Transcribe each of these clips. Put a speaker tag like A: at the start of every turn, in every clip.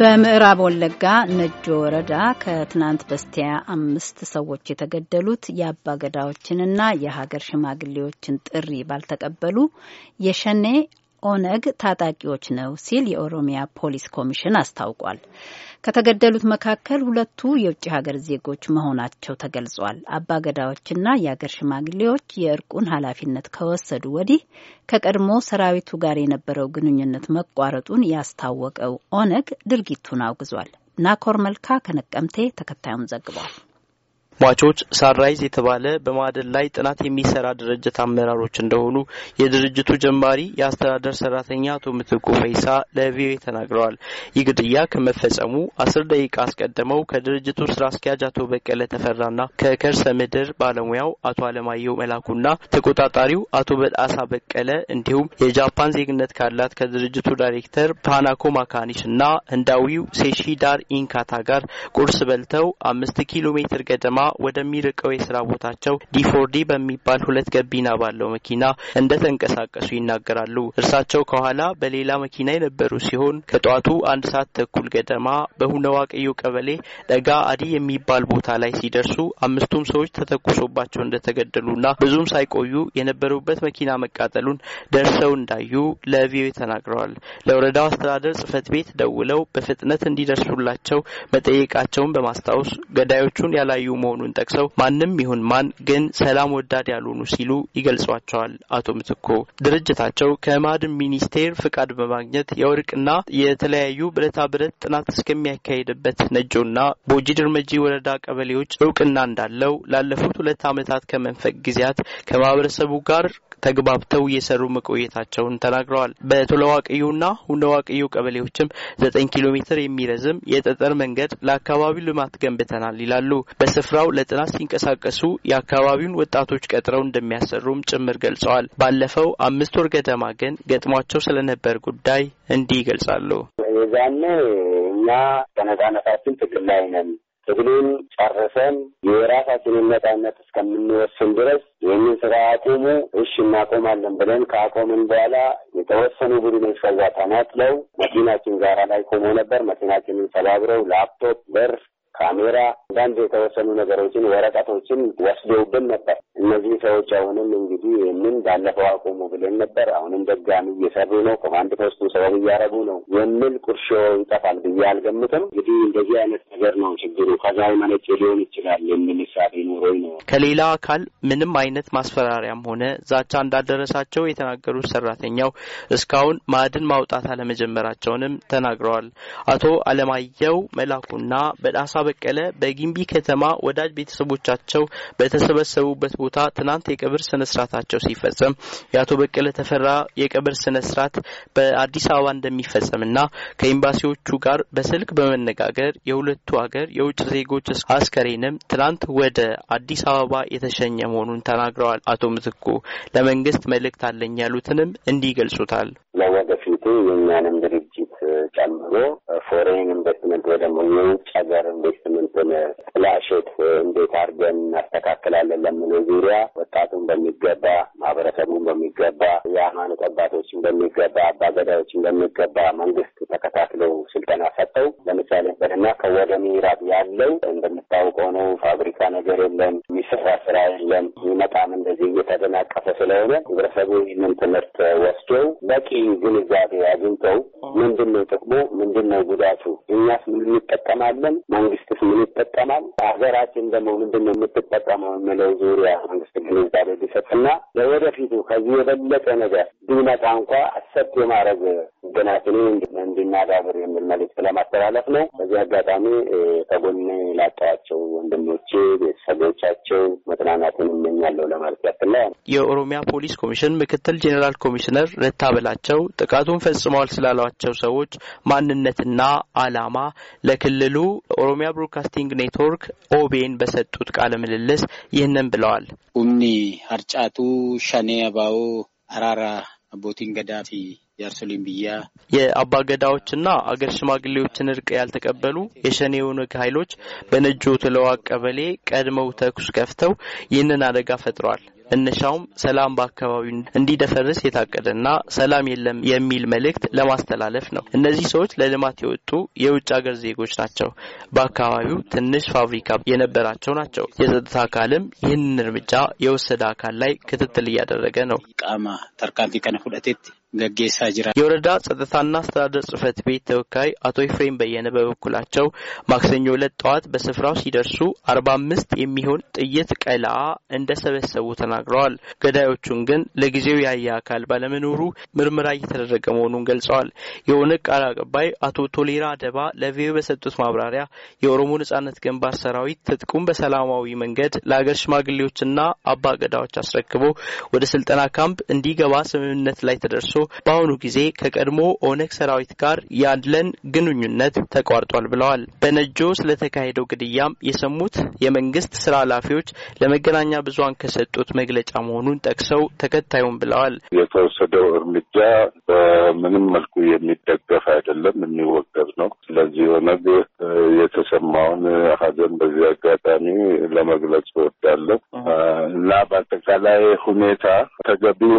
A: በምዕራብ ወለጋ ነጆ ወረዳ ከትናንት በስቲያ አምስት ሰዎች የተገደሉት የአባገዳዎችንና የሀገር ሽማግሌዎችን ጥሪ ባልተቀበሉ የሸኔ ኦነግ ታጣቂዎች ነው ሲል የኦሮሚያ ፖሊስ ኮሚሽን አስታውቋል። ከተገደሉት መካከል ሁለቱ የውጭ ሀገር ዜጎች መሆናቸው ተገልጿል። አባገዳዎችና የአገር ሽማግሌዎች የእርቁን ኃላፊነት ከወሰዱ ወዲህ ከቀድሞ ሰራዊቱ ጋር የነበረው ግንኙነት መቋረጡን ያስታወቀው ኦነግ ድርጊቱን አውግዟል። ናኮር መልካ ከነቀምቴ ተከታዩን ዘግቧል። ሟቾች ሳንራይዝ የተባለ በማዕድን ላይ ጥናት የሚሰራ ድርጅት አመራሮች እንደሆኑ የድርጅቱ ጀማሪ የአስተዳደር ሰራተኛ አቶ ምትኩ ፈይሳ ለቪኦኤ ተናግረዋል። ይህ ግድያ ከመፈጸሙ አስር ደቂቃ አስቀድመው ከድርጅቱ ስራ አስኪያጅ አቶ በቀለ ተፈራና ከከርሰ ምድር ባለሙያው አቶ አለማየሁ መላኩና ተቆጣጣሪው አቶ በጣሳ በቀለ እንዲሁም የጃፓን ዜግነት ካላት ከድርጅቱ ዳይሬክተር ፓናኮ ማካኒሽና ህንዳዊው ሴሺዳር ኢንካታ ጋር ቁርስ በልተው አምስት ኪሎ ሜትር ገደማ ወደሚርቀው የስራ ቦታቸው ዲፎርዲ በሚባል ሁለት ገቢና ባለው መኪና እንደተንቀሳቀሱ ይናገራሉ። እርሳቸው ከኋላ በሌላ መኪና የነበሩ ሲሆን ከጠዋቱ አንድ ሰዓት ተኩል ገደማ በሁነዋቀዮ ቀበሌ ደጋ አዲ የሚባል ቦታ ላይ ሲደርሱ አምስቱም ሰዎች ተተኩሶባቸው እንደተገደሉና ብዙም ሳይቆዩ የነበሩበት መኪና መቃጠሉን ደርሰው እንዳዩ ለቪኦኤ ተናግረዋል። ለወረዳው አስተዳደር ጽህፈት ቤት ደውለው በፍጥነት እንዲደርሱላቸው መጠየቃቸውን በማስታወስ ገዳዮቹን ያላዩ መሆኑ መሆኑን ጠቅሰው ማንም ይሁን ማን ግን ሰላም ወዳድ ያልሆኑ ሲሉ ይገልጿቸዋል። አቶ ምትኮ ድርጅታቸው ከማዕድን ሚኒስቴር ፍቃድ በማግኘት የወርቅና የተለያዩ ብረታ ብረት ጥናት እስከሚያካሄድበት ነጆና ቦጂ ድርመጂ ወረዳ ቀበሌዎች እውቅና እንዳለው ላለፉት ሁለት ዓመታት ከመንፈቅ ጊዜያት ከማህበረሰቡ ጋር ተግባብተው የሰሩ መቆየታቸውን ተናግረዋል። በቶለዋቅዩና ሁነዋቅዩ ቀበሌዎችም ዘጠኝ ኪሎ ሜትር የሚረዝም የጠጠር መንገድ ለአካባቢው ልማት ገንብተናል ይላሉ። በስፍራው ለጥናት ሲንቀሳቀሱ የአካባቢውን ወጣቶች ቀጥረው እንደሚያሰሩም ጭምር ገልጸዋል። ባለፈው አምስት ወር ገደማ ግን ገጥሟቸው ስለነበር ጉዳይ እንዲህ ይገልጻሉ።
B: የዛኔ እኛ በነጻነታችን ትግል ላይ ነን ትግሉን ጨርሰን የራሳችንን ነጻነት እስከምንወስን ድረስ ይህንን ስራ አቁሙ፣ እሽ እናቆማለን ብለን ከአቆምን በኋላ የተወሰኑ ቡድኖች ከዛ ተናጥለው መኪናችን ጋራ ላይ ቆሞ ነበር። መኪናችንን ሰባብረው ላፕቶፕ፣ በር ካሜራ፣ አንዳንድ የተወሰኑ ነገሮችን፣ ወረቀቶችን ወስደውብን ነበር። እነዚህ ሰዎች አሁንም እንግዲህ ይህንን ባለፈው አቆሙ ብለን ነበር። አሁንም ደጋሚ እየሰሩ ነው። ኮማንድ ፖስቱ ሰበብ እያደረጉ ነው የሚል ቁርሾ ይጠፋል ብዬ አልገምትም። እንግዲህ እንደዚህ አይነት ነገር ነው ችግሩ። ከዛ መነጭ ሊሆን ይችላል የሚል ሳቤ ኖሮኝ ነው።
A: ከሌላ አካል ምንም አይነት ማስፈራሪያም ሆነ ዛቻ እንዳደረሳቸው የተናገሩት ሰራተኛው እስካሁን ማዕድን ማውጣት አለመጀመራቸውንም ተናግረዋል። አቶ አለማየሁ መላኩና በዳሳ በቀለ በጊምቢ ከተማ ወዳጅ ቤተሰቦቻቸው በተሰበሰቡበት ቦታ ትናንት የቀብር ስነ ስርዓታቸው ሲፈጸም የአቶ በቀለ ተፈራ የቀብር ስነ ስርዓት በአዲስ አበባ እንደሚፈጸምና ከኤምባሲዎቹ ጋር በስልክ በመነጋገር የሁለቱ ሀገር የውጭ ዜጎች አስከሬንም ትናንት ወደ አዲስ አበባ የተሸኘ መሆኑን ተናግረዋል። አቶ ምትኩ ለመንግስት መልእክት አለኝ ያሉትንም እንዲህ ይገልጹታል።
B: ለወደፊቱ የእኛንም ድርጅት ጨምሮ ፎሬን ኢንቨስትመንት ወይ ደግሞ የውጭ ሀገር ኢንቨስትመንትን ጥላሸት እንዴት አድርገን እናስተካክላለን ለምለው ዙሪያ ወጣቱን በሚገባ ማህበረሰቡን በሚገባ የሃይማኖት አባቶችን በሚገባ አባገዳዮችን በሚገባ መንግስት ተከታትለው ስልጠና ሰጠው። ለምሳሌ በደና ከወደ ምዕራብ ያለው እንደምታውቀው ነው። ፋብሪካ ነገር የለም፣ የሚሰራ ስራ የለም። ይመጣም እንደዚህ እየተደናቀፈ ስለሆነ ህብረተሰቡ ይህንን ትምህርት ወስዶ በቂ ግንዛቤ አግኝተው ምንድን ነው ጥቅሙ? ምንድን ነው ጉዳቱ? እኛስ ምን እንጠቀማለን? መንግስትስ ምን ይጠቀማል? ሀገራችን ደግሞ ምንድን ነው የምትጠቀመው የሚለው ዙሪያ መንግስት ግንዛቤ ቢሰጥና ለወደፊቱ ከዚህ የበለጠ ነገር ቢመጣ እንኳ ሰጥ የማድረግ ገናትን እንድናዳብር የሚል መልዕክት ለማስተላለፍ ነው። በዚህ አጋጣሚ ከጎን ላጣዋቸው ወንድሞቼ፣ ቤተሰቦቻቸው መጽናናትን እመኛለሁ ለማለት ያክል
A: የኦሮሚያ ፖሊስ ኮሚሽን ምክትል ጄኔራል ኮሚሽነር ረታ በላቸው ጥቃቱን ፈጽመዋል ስላሏቸው ሰዎች ማንነትና ዓላማ ለክልሉ ኦሮሚያ ብሮድካስቲንግ ኔትወርክ ኦቤን በሰጡት ቃለ ምልልስ ይህንን ብለዋል። ኡምኒ አርጫቱ ሸኔ አባው አራራ አቦቲን ገዳ ፊ የአርሶሊን ብያ የአባ ገዳዎችና አገር ሽማግሌዎችን እርቅ ያልተቀበሉ የሸኔ የኦነግ ኃይሎች በነጆ ትለዋ ቀበሌ ቀድመው ተኩስ ከፍተው ይህንን አደጋ ፈጥረዋል። መነሻውም ሰላም በአካባቢው እንዲደፈርስ የታቀደና ሰላም የለም የሚል መልእክት ለማስተላለፍ ነው። እነዚህ ሰዎች ለልማት የወጡ የውጭ ሀገር ዜጎች ናቸው። በአካባቢው ትንሽ ፋብሪካ የነበራቸው ናቸው። የጸጥታ አካልም ይህንን እርምጃ የወሰደ አካል ላይ ክትትል እያደረገ ነው። ቃማ ተርካንቲ ቀነ ገጌሳ ጅራ የወረዳ ጸጥታና አስተዳደር ጽህፈት ቤት ተወካይ አቶ ኤፍሬም በየነ በበኩላቸው ማክሰኞ ዕለት ጠዋት በስፍራው ሲደርሱ አርባ አምስት የሚሆን ጥይት ቀላ እንደሰበሰቡ ተናግረዋል። ገዳዮቹን ግን ለጊዜው ያየ አካል ባለመኖሩ ምርመራ እየተደረገ መሆኑን ገልጸዋል። የኦነግ ቃል አቀባይ አቶ ቶሌራ አደባ ለቪኦኤ በሰጡት ማብራሪያ የኦሮሞ ነጻነት ግንባር ሰራዊት ትጥቁም በሰላማዊ መንገድ ለአገር ሽማግሌዎችና አባ ገዳዎች አስረክቦ ወደ ስልጠና ካምፕ እንዲገባ ስምምነት ላይ ተደርሶ በአሁኑ ጊዜ ከቀድሞ ኦነግ ሰራዊት ጋር ያለን ግንኙነት ተቋርጧል ብለዋል። በነጆ ስለተካሄደው ግድያም የሰሙት የመንግስት ስራ ኃላፊዎች ለመገናኛ ብዙሀን ከሰጡት መግለጫ መሆኑን ጠቅሰው ተከታዩም ብለዋል።
B: የተወሰደው እርምጃ በምንም መልኩ የሚደገፍ አይደለም፣ የሚወገዝ ነው። ስለዚህ ኦነግ የተሰማውን ሀዘን በዚህ አጋጣሚ ለመግለጽ እወዳለሁ እና በአጠቃላይ ሁኔታ ተገቢው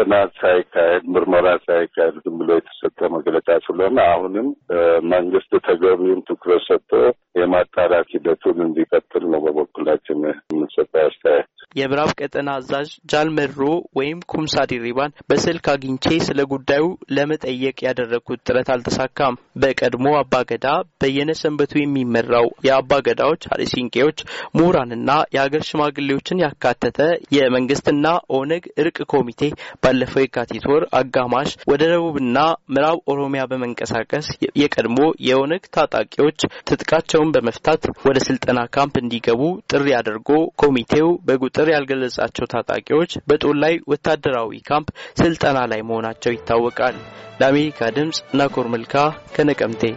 B: ጥናት ሳይካሄድ ምርመራ ሳይካሄድ ዝም ብሎ የተሰጠ መግለጫ ስለሆነ አሁንም መንግስት ተገቢውን ትኩረት ሰጥቶ የማጣራት ሂደቱን እንዲቀጥል ነው በበኩላችን የምንሰጠው አስተያየት።
A: የምዕራብ ቀጠና አዛዥ ጃልመድሮ ወይም ኩምሳ ዲሪባን በስልክ አግኝቼ ስለ ጉዳዩ ለመጠየቅ ያደረግኩት ጥረት አልተሳካም። በቀድሞ አባገዳ በየነ ሰንበቱ የሚመራው የአባገዳዎች አሪሲንቄዎች፣ ምሁራንና የሀገር ሽማግሌዎችን ያካተተ የመንግስትና ኦነግ እርቅ ኮሚቴ ባለፈው የካቲት ወር አጋማሽ ወደ ደቡብና ምዕራብ ኦሮሚያ በመንቀሳቀስ የቀድሞ የኦነግ ታጣቂዎች ትጥቃቸውን በመፍታት ወደ ስልጠና ካምፕ እንዲገቡ ጥሪ አድርጎ ኮሚቴው በጉጥ በቁጥር ያልገለጻቸው ታጣቂዎች በጦል ላይ ወታደራዊ ካምፕ ስልጠና ላይ መሆናቸው ይታወቃል። ለአሜሪካ ድምፅ ናኮር መልካ ከነቀምቴ